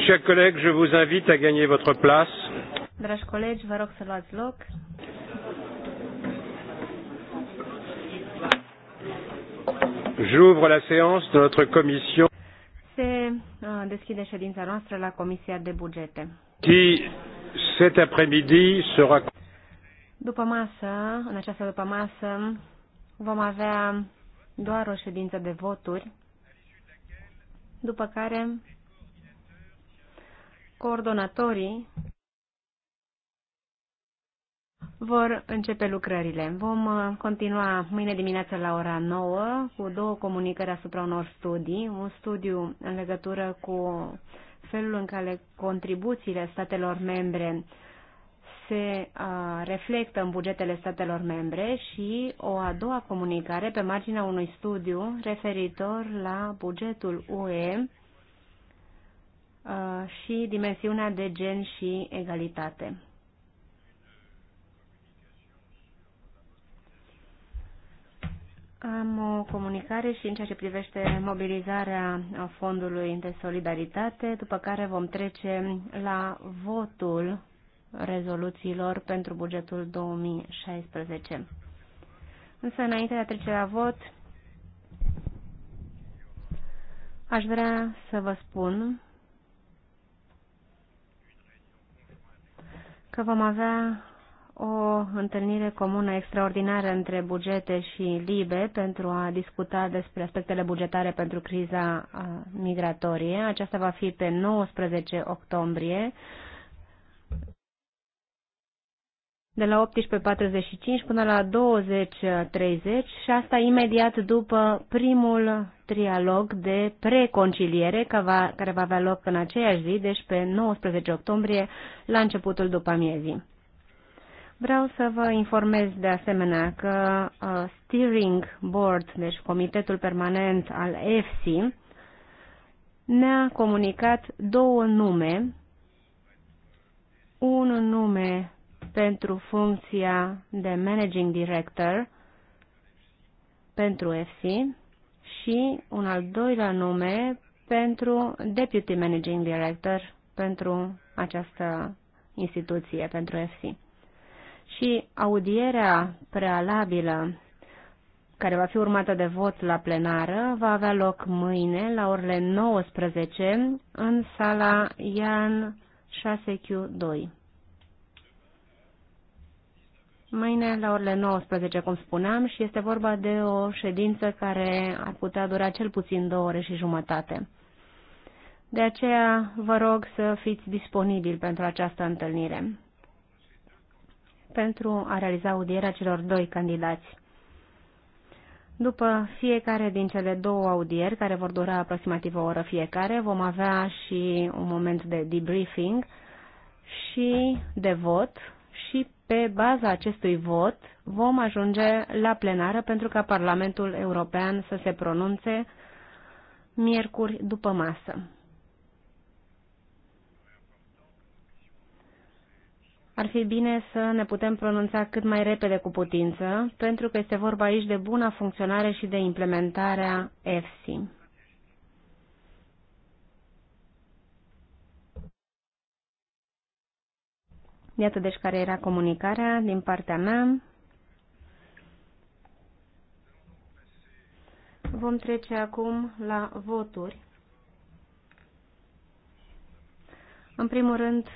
chers collègues, je vous invite à gagner votre place. Dragi colegi, vă rog să luați loc. J'ouvre la séance de notre commission. Se uh, deschide ședința noastră la Comisia de Bugete. Qui cet après-midi sera După masă, în această după masă, vom avea doar o ședință de voturi, după care coordonatorii vor începe lucrările. Vom uh, continua mâine dimineață la ora 9 cu două comunicări asupra unor studii. Un studiu în legătură cu felul în care contribuțiile statelor membre se uh, reflectă în bugetele statelor membre și o a doua comunicare pe marginea unui studiu referitor la bugetul UE Uh, și dimensiunea de gen și egalitate. Am o comunicare și în ceea ce privește mobilizarea Fondului de Solidaritate, după care vom trece la votul rezoluțiilor pentru bugetul 2016. Însă, înainte de a trece la vot, aș vrea să vă spun că vom avea o întâlnire comună extraordinară între bugete și LIBE pentru a discuta despre aspectele bugetare pentru criza migratorie. Aceasta va fi pe 19 octombrie de la 18.45 până la 20.30 și asta imediat după primul trialog de preconciliere care va avea loc în aceeași zi, deci pe 19 octombrie, la începutul după amiezii. Vreau să vă informez de asemenea că uh, Steering Board, deci Comitetul Permanent al EFSI, ne-a comunicat două nume. Un nume pentru funcția de managing director pentru FC și un al doilea nume pentru deputy managing director pentru această instituție, pentru FC. Și audierea prealabilă care va fi urmată de vot la plenară, va avea loc mâine la orele 19 în sala Ian 6Q2 mâine la orele 19, cum spuneam, și este vorba de o ședință care ar putea dura cel puțin două ore și jumătate. De aceea vă rog să fiți disponibili pentru această întâlnire, pentru a realiza audierea celor doi candidați. După fiecare din cele două audieri, care vor dura aproximativ o oră fiecare, vom avea și un moment de debriefing și de vot și pe baza acestui vot vom ajunge la plenară pentru ca Parlamentul European să se pronunțe miercuri după masă. Ar fi bine să ne putem pronunța cât mai repede cu putință, pentru că este vorba aici de buna funcționare și de implementarea EFSI. Iată deci care era comunicarea din partea mea. Vom trece acum la voturi. În primul rând,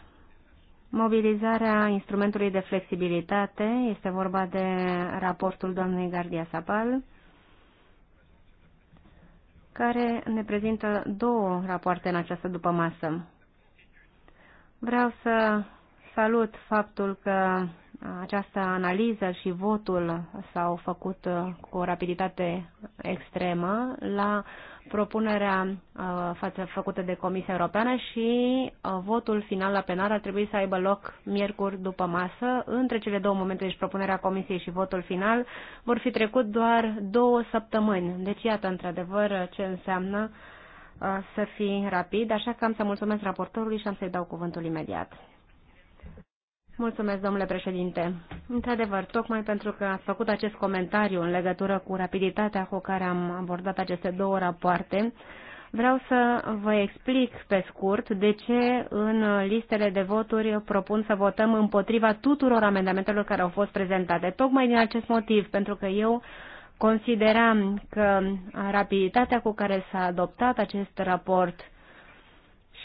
mobilizarea instrumentului de flexibilitate. Este vorba de raportul doamnei Gardia Sapal, care ne prezintă două rapoarte în această dupămasă. Vreau să Salut faptul că uh, această analiză și votul s-au făcut uh, cu o rapiditate extremă la propunerea uh, față, făcută de Comisia Europeană și votul final la plenar ar trebui să aibă loc miercuri după masă. Între cele două momente, deci propunerea Comisiei și votul final, vor fi trecut doar două săptămâni. Deci iată într-adevăr ce înseamnă să fii rapid, așa că am să mulțumesc raportorului și am să-i dau cuvântul imediat. Mulțumesc, domnule președinte. Într-adevăr, tocmai pentru că ați făcut acest comentariu în legătură cu rapiditatea cu care am abordat aceste două rapoarte, vreau să vă explic pe scurt de ce în listele de voturi propun să votăm împotriva tuturor amendamentelor care au fost prezentate. Tocmai din acest motiv, pentru că eu consideram că rapiditatea cu care s-a adoptat acest raport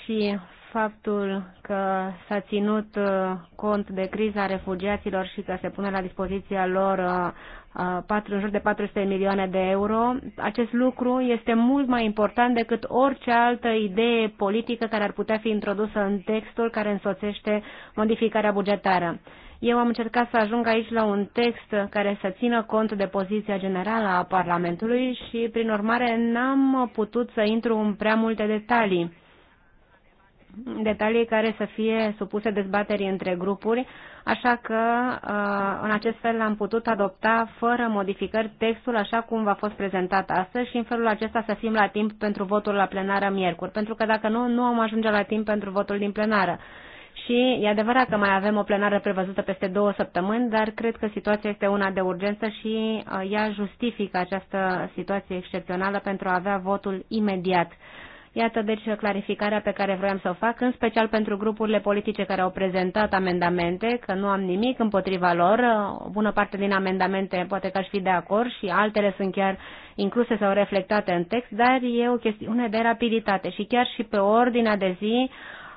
și faptul că s-a ținut uh, cont de criza refugiaților și că se pune la dispoziția lor uh, uh, în jur de 400 milioane de euro. Acest lucru este mult mai important decât orice altă idee politică care ar putea fi introdusă în textul care însoțește modificarea bugetară. Eu am încercat să ajung aici la un text care să țină cont de poziția generală a Parlamentului și, prin urmare, n-am putut să intru în prea multe detalii detalii care să fie supuse dezbaterii între grupuri, așa că uh, în acest fel am putut adopta fără modificări textul așa cum v-a fost prezentat astăzi și în felul acesta să fim la timp pentru votul la plenară miercuri, pentru că dacă nu, nu am ajunge la timp pentru votul din plenară. Și e adevărat că mai avem o plenară prevăzută peste două săptămâni, dar cred că situația este una de urgență și uh, ea justifică această situație excepțională pentru a avea votul imediat. Iată deci clarificarea pe care vroiam să o fac, în special pentru grupurile politice care au prezentat amendamente, că nu am nimic împotriva lor. O bună parte din amendamente poate că aș fi de acord și altele sunt chiar incluse sau reflectate în text, dar e o chestiune de rapiditate și chiar și pe ordinea de zi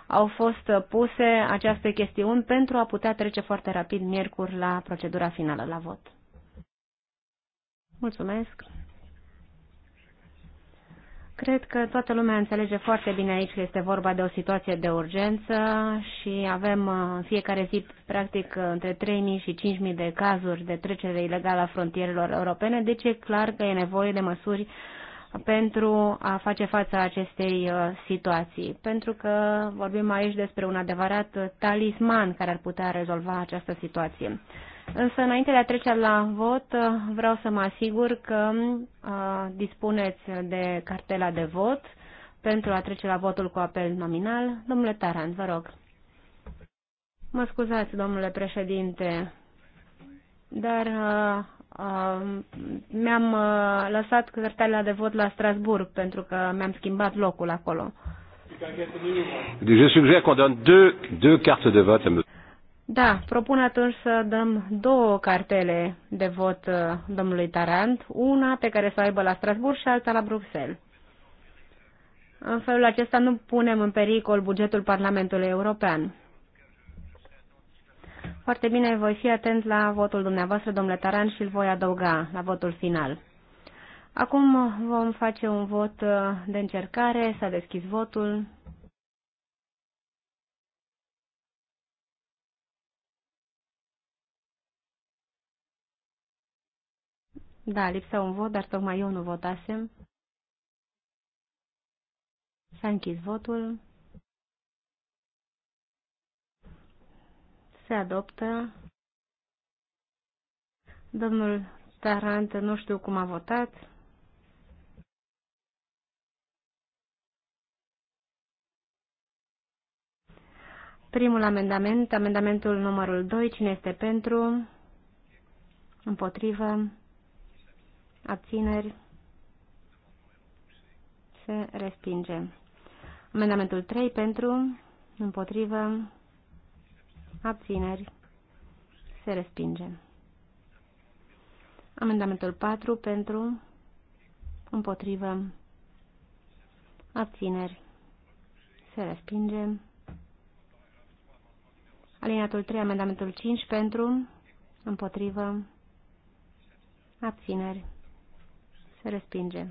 au fost puse aceste chestiuni pentru a putea trece foarte rapid miercuri la procedura finală, la vot. Mulțumesc! Cred că toată lumea înțelege foarte bine aici că este vorba de o situație de urgență și avem uh, în fiecare zi, practic, uh, între 3.000 și 5.000 de cazuri de trecere ilegală a frontierelor europene, deci e clar că e nevoie de măsuri pentru a face față acestei uh, situații, pentru că vorbim aici despre un adevărat talisman care ar putea rezolva această situație. Însă, înainte de a trece la vot, vreau să mă asigur că dispuneți de cartela de vot pentru a trece la votul cu apel nominal. Domnule Tarant, vă rog. Mă scuzați, domnule președinte, dar uh, uh, mi-am uh, lăsat cartela de vot la Strasburg pentru că mi-am schimbat locul acolo. Je suggère qu'on donne deux, deux cartes de vote à M. Da, propun atunci să dăm două cartele de vot uh, domnului Tarant, una pe care să o aibă la Strasburg și alta la Bruxelles. În felul acesta nu punem în pericol bugetul Parlamentului European. Foarte bine, voi fi atent la votul dumneavoastră, domnule Taran, și îl voi adăuga la votul final. Acum vom face un vot uh, de încercare, s-a deschis votul. Da, lipsa un vot, dar tocmai eu nu votasem. S-a închis votul. Se adoptă. Domnul Tarant nu știu cum a votat. Primul amendament, amendamentul numărul 2, cine este pentru, împotrivă, abțineri, se respinge. Amendamentul 3 pentru, împotrivă, abțineri, se respinge. Amendamentul 4 pentru, împotrivă, abțineri, se respinge. Alineatul 3, amendamentul 5 pentru, împotrivă, abțineri se respinge.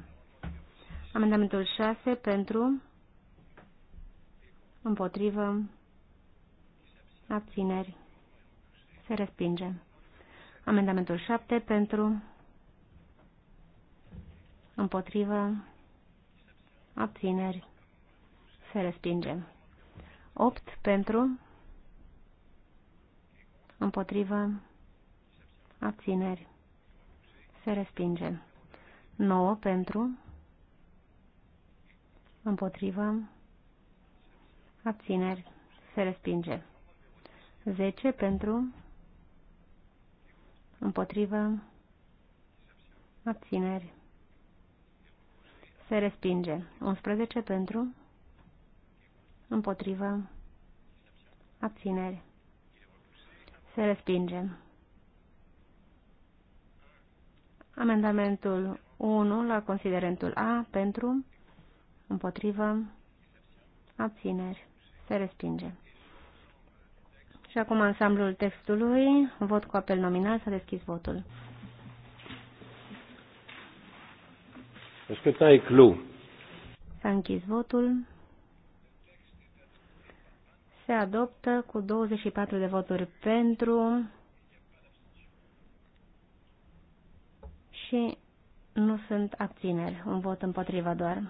Amendamentul 6 pentru, împotrivă, abțineri. Se respinge. Amendamentul 7 pentru, împotrivă, abțineri. Se respinge. 8 pentru, împotrivă, abțineri. Se respinge. 9 pentru, împotrivă, abțineri, se respinge. 10 pentru, împotrivă, abțineri, se respinge. 11 pentru, împotrivă, abțineri, se respinge. Amendamentul 1 la considerentul A pentru, împotrivă, abțineri, se respinge. Și acum ansamblul textului, vot cu apel nominal, s-a deschis votul. S-a închis votul. Se adoptă cu 24 de voturi pentru și nu sunt abțineri, un vot împotrivă doar.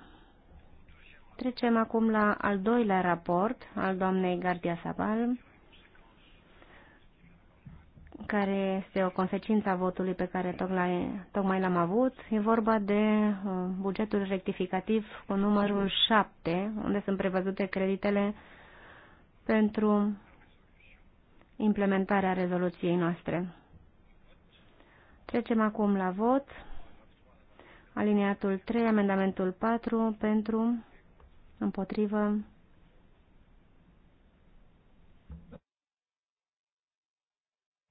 Trecem acum la al doilea raport al doamnei Gardia Sabal, care este o consecință a votului pe care tocmai l-am avut. E vorba de uh, bugetul rectificativ cu numărul 7, unde sunt prevăzute creditele pentru implementarea rezoluției noastre. Trecem acum la vot. Alineatul 3, amendamentul 4 pentru, împotrivă,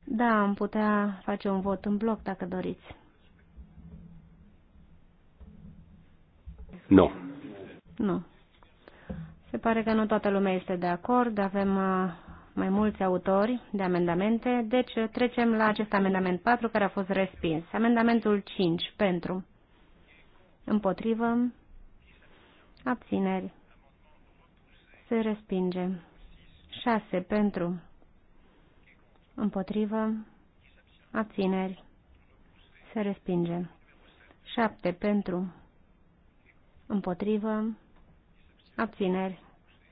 Da, am putea face un vot în bloc dacă doriți. Nu. Nu. Se pare că nu toată lumea este de acord, avem uh, mai mulți autori de amendamente, deci trecem la acest amendament 4 care a fost respins. Amendamentul 5 pentru. Împotrivă. Abțineri. Se respinge. 6. Pentru. Împotrivă. Abțineri. Se respinge. 7. Pentru. Împotrivă. Abțineri.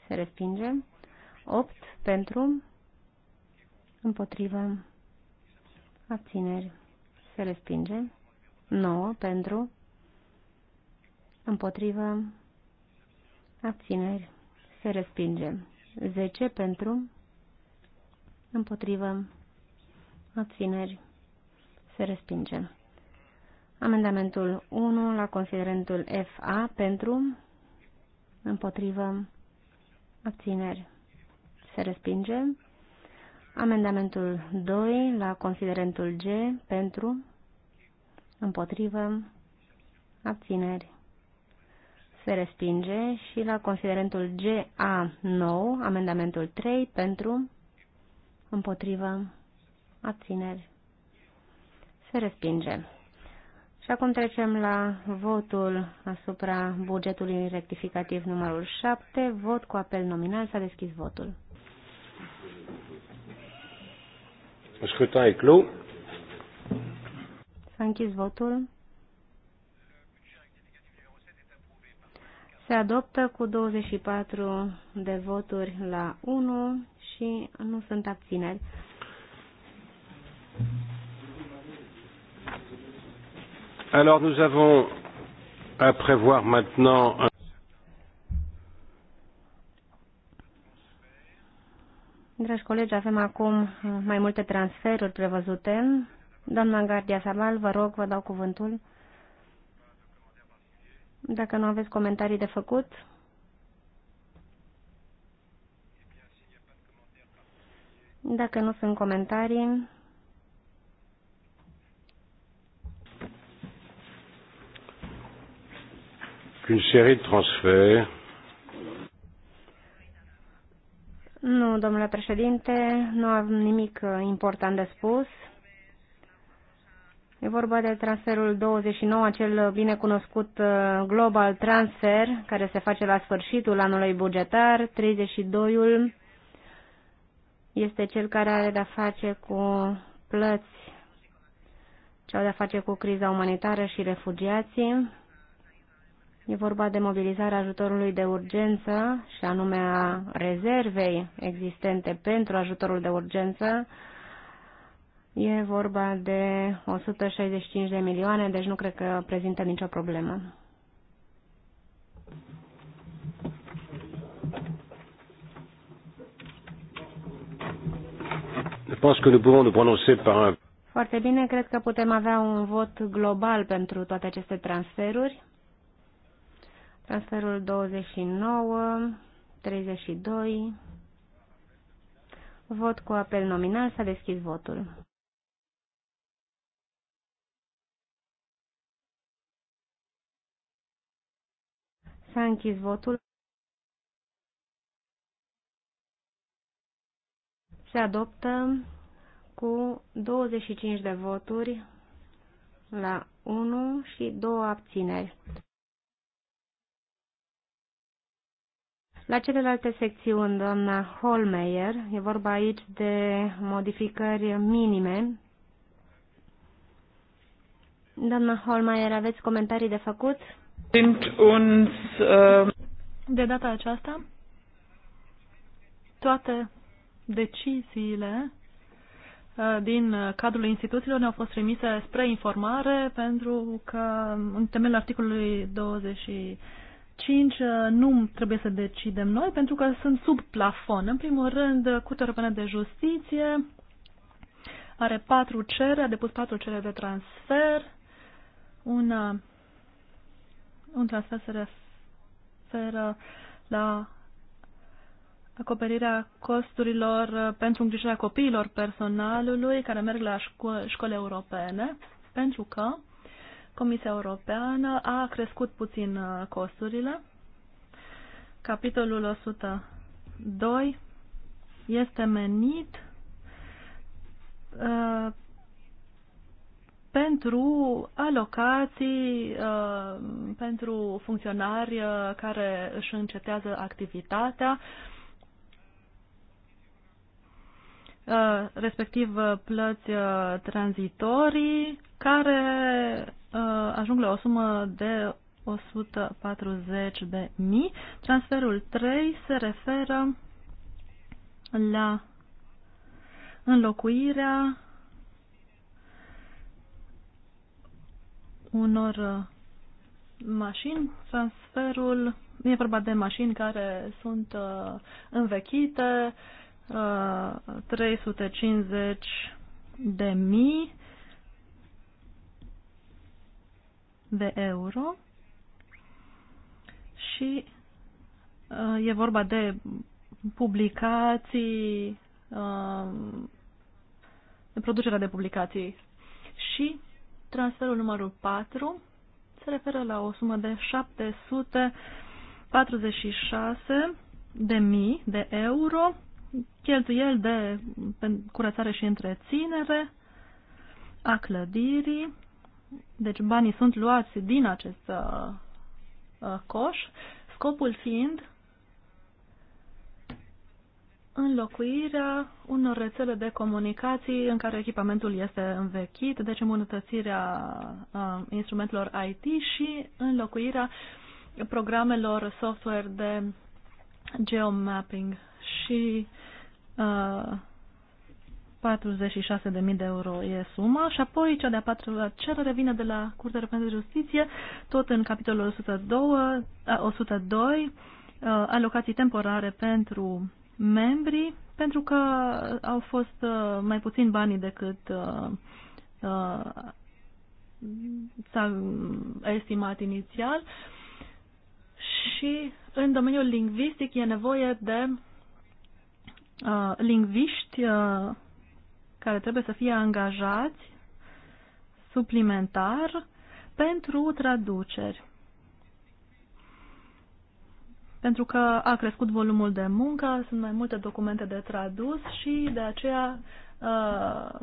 Se respinge. 8. Pentru. Împotrivă. Abțineri. Se respinge. 9. Pentru împotrivă, abțineri, se respinge. 10 pentru, împotrivă, abțineri, se respinge. Amendamentul 1 la considerentul FA pentru, împotrivă, abțineri, se respinge. Amendamentul 2 la considerentul G pentru, împotrivă, abțineri, se respinge și la considerentul GA9, amendamentul 3, pentru, împotrivă, abțineri, se respinge. Și acum trecem la votul asupra bugetului rectificativ numărul 7. Vot cu apel nominal. S-a deschis votul. Scrutin e clos. S-a închis votul. se adoptă cu 24 de voturi la 1 și nu sunt abțineri. Alors nous avons à prévoir maintenant un... Dragi colegi, avem acum mai multe transferuri prevăzute. Doamna Gardia Sabal, vă rog, vă dau cuvântul. Dacă nu aveți comentarii de făcut, Dacă nu sunt comentarii... Une série de transferts. Nu, domnule președinte, nu am nimic uh, important de spus. E vorba de transferul 29, acel binecunoscut uh, global transfer, care se face la sfârșitul anului bugetar. 32-ul este cel care are de-a face cu plăți, ce au de-a face cu criza umanitară și refugiații. E vorba de mobilizarea ajutorului de urgență și anume a rezervei existente pentru ajutorul de urgență E vorba de 165 de milioane, deci nu cred că prezintă nicio problemă. Foarte bine, cred că putem avea un vot global pentru toate aceste transferuri. Transferul 29, 32. Vot cu apel nominal, s-a deschis votul. S-a închis votul. Se adoptă cu 25 de voturi la 1 și 2 abțineri. La celelalte secțiuni, doamna Holmeyer, e vorba aici de modificări minime. Doamna Holmeyer, aveți comentarii de făcut? Ähm, de data aceasta, toate deciziile uh, din uh, cadrul instituțiilor ne-au fost trimise spre informare pentru că în temelul articolului 25 uh, nu trebuie să decidem noi pentru că sunt sub plafon. În primul rând, Curtea Europeană de Justiție are patru cereri, a depus patru cereri de transfer, una un transfer se referă la acoperirea costurilor uh, pentru îngrijirea copiilor personalului care merg la șco- școli europene, pentru că Comisia Europeană a crescut puțin uh, costurile. Capitolul 102 este menit uh, pentru alocații uh, pentru funcționari uh, care își încetează activitatea, uh, respectiv uh, plăți uh, tranzitorii, care uh, ajung la o sumă de 140 de mii. Transferul 3 se referă la înlocuirea unor uh, mașini, transferul, e vorba de mașini care sunt uh, învechite, 350 uh, de mii de euro și e vorba de publicații, de producerea de publicații și Transferul numărul 4 se referă la o sumă de 746 de mii de euro, cheltuiel de curățare și întreținere a clădirii. Deci banii sunt luați din acest uh, uh coș, scopul fiind înlocuirea unor rețele de comunicații în care echipamentul este învechit, deci îmbunătățirea instrumentelor IT și înlocuirea programelor software de geomapping și uh, 46.000 de euro e suma și apoi cea de-a patrulea cerere vine de la Curtea Europeană de Justiție, tot în capitolul 102, 102 alocații temporare pentru membri pentru că au fost uh, mai puțin banii decât uh, uh, s-a estimat inițial și în domeniul lingvistic e nevoie de uh, lingviști uh, care trebuie să fie angajați suplimentar pentru traduceri pentru că a crescut volumul de muncă, sunt mai multe documente de tradus și de aceea uh,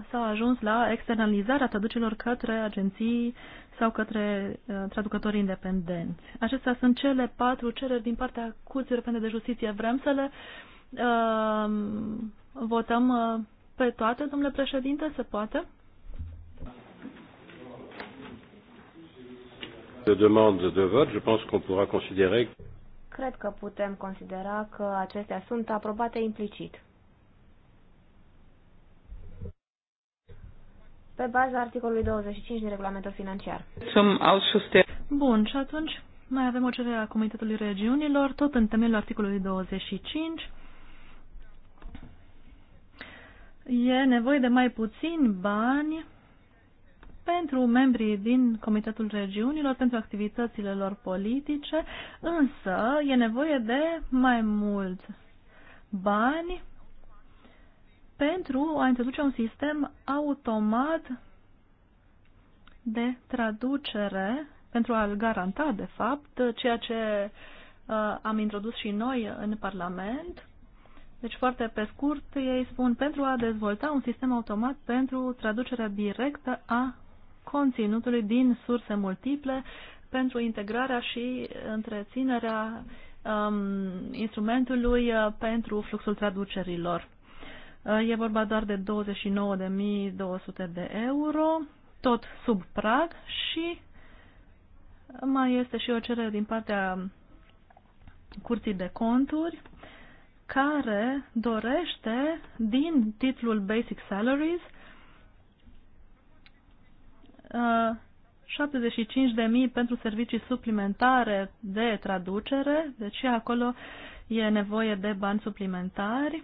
s-a ajuns la externalizarea traducerilor către agenții sau către uh, traducători independenți. Acestea sunt cele patru cereri din partea Curții Europene de Justiție. Vrem să le uh, votăm uh, pe toate, domnule președinte, se poate? de demande de vote, je pense qu'on pourra considérer cred că putem considera că acestea sunt aprobate implicit. pe baza articolului 25 din regulamentul financiar. Bun, și atunci mai avem o cerere a Comitetului Regiunilor, tot în temelul articolului 25. E nevoie de mai puțin bani pentru membrii din Comitetul Regiunilor, pentru activitățile lor politice, însă e nevoie de mai mult bani pentru a introduce un sistem automat de traducere, pentru a-l garanta, de fapt, ceea ce uh, am introdus și noi în Parlament. Deci, foarte pe scurt, ei spun pentru a dezvolta un sistem automat pentru traducerea directă a conținutului din surse multiple pentru integrarea și întreținerea um, instrumentului uh, pentru fluxul traducerilor. Uh, e vorba doar de 29.200 de euro, tot sub prag și mai este și o cerere din partea Curții de Conturi care dorește din titlul Basic Salaries 75.000 pentru servicii suplimentare de traducere, deci acolo e nevoie de bani suplimentari.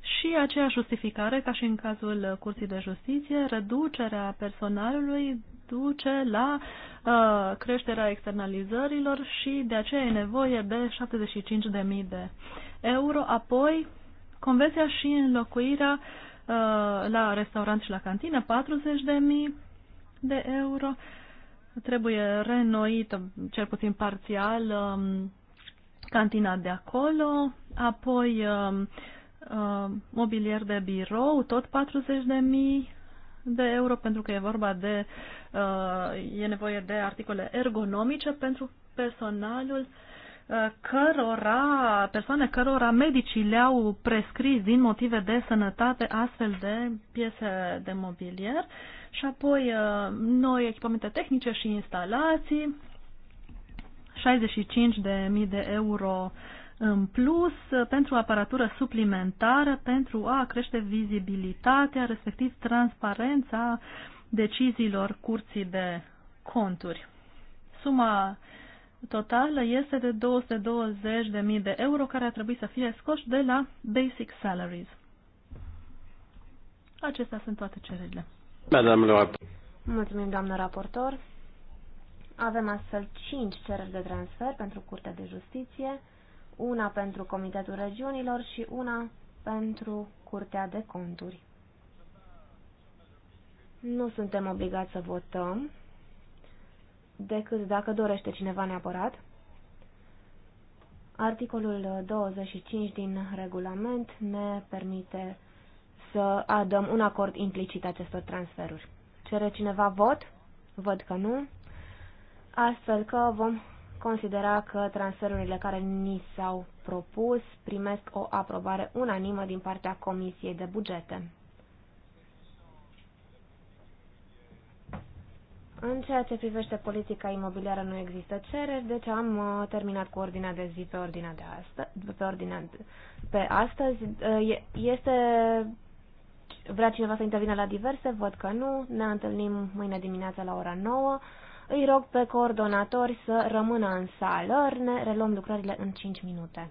Și aceeași justificare, ca și în cazul Curții de Justiție, reducerea personalului duce la uh, creșterea externalizărilor și de aceea e nevoie de 75.000 de euro. Apoi, convenția și înlocuirea uh, la restaurant și la cantină, 40.000 de euro. Trebuie reînnoită, cel puțin parțial, um, cantina de acolo, apoi um, um, mobilier de birou, tot 40 de mii de euro pentru că e vorba de uh, e nevoie de articole ergonomice pentru personalul cărora, persoane cărora medicii le-au prescris din motive de sănătate astfel de piese de mobilier și apoi uh, noi echipamente tehnice și instalații, 65.000 de euro în plus pentru aparatură suplimentară pentru a crește vizibilitatea, respectiv transparența deciziilor curții de conturi. Suma totală este de 220.000 de euro care ar trebui să fie scoși de la basic salaries. Acestea sunt toate cererile. Mulțumim, doamnă raportor. Avem astfel 5 cereri de transfer pentru Curtea de Justiție, una pentru Comitetul Regiunilor și una pentru Curtea de Conturi. Nu suntem obligați să votăm, decât dacă dorește cineva neapărat. Articolul 25 din regulament ne permite să adăm un acord implicit acestor transferuri. Cere cineva vot? Văd că nu. Astfel că vom considera că transferurile care ni s-au propus primesc o aprobare unanimă din partea Comisiei de Bugete. În ceea ce privește politica imobiliară nu există cereri, deci am uh, terminat cu ordinea de zi pe ordinea de astăzi. Pe, ordinea de, pe astăzi uh, este vrea cineva să intervină la diverse, văd că nu. Ne întâlnim mâine dimineața la ora 9. Îi rog pe coordonatori să rămână în sală. Ne reluăm lucrările în 5 minute.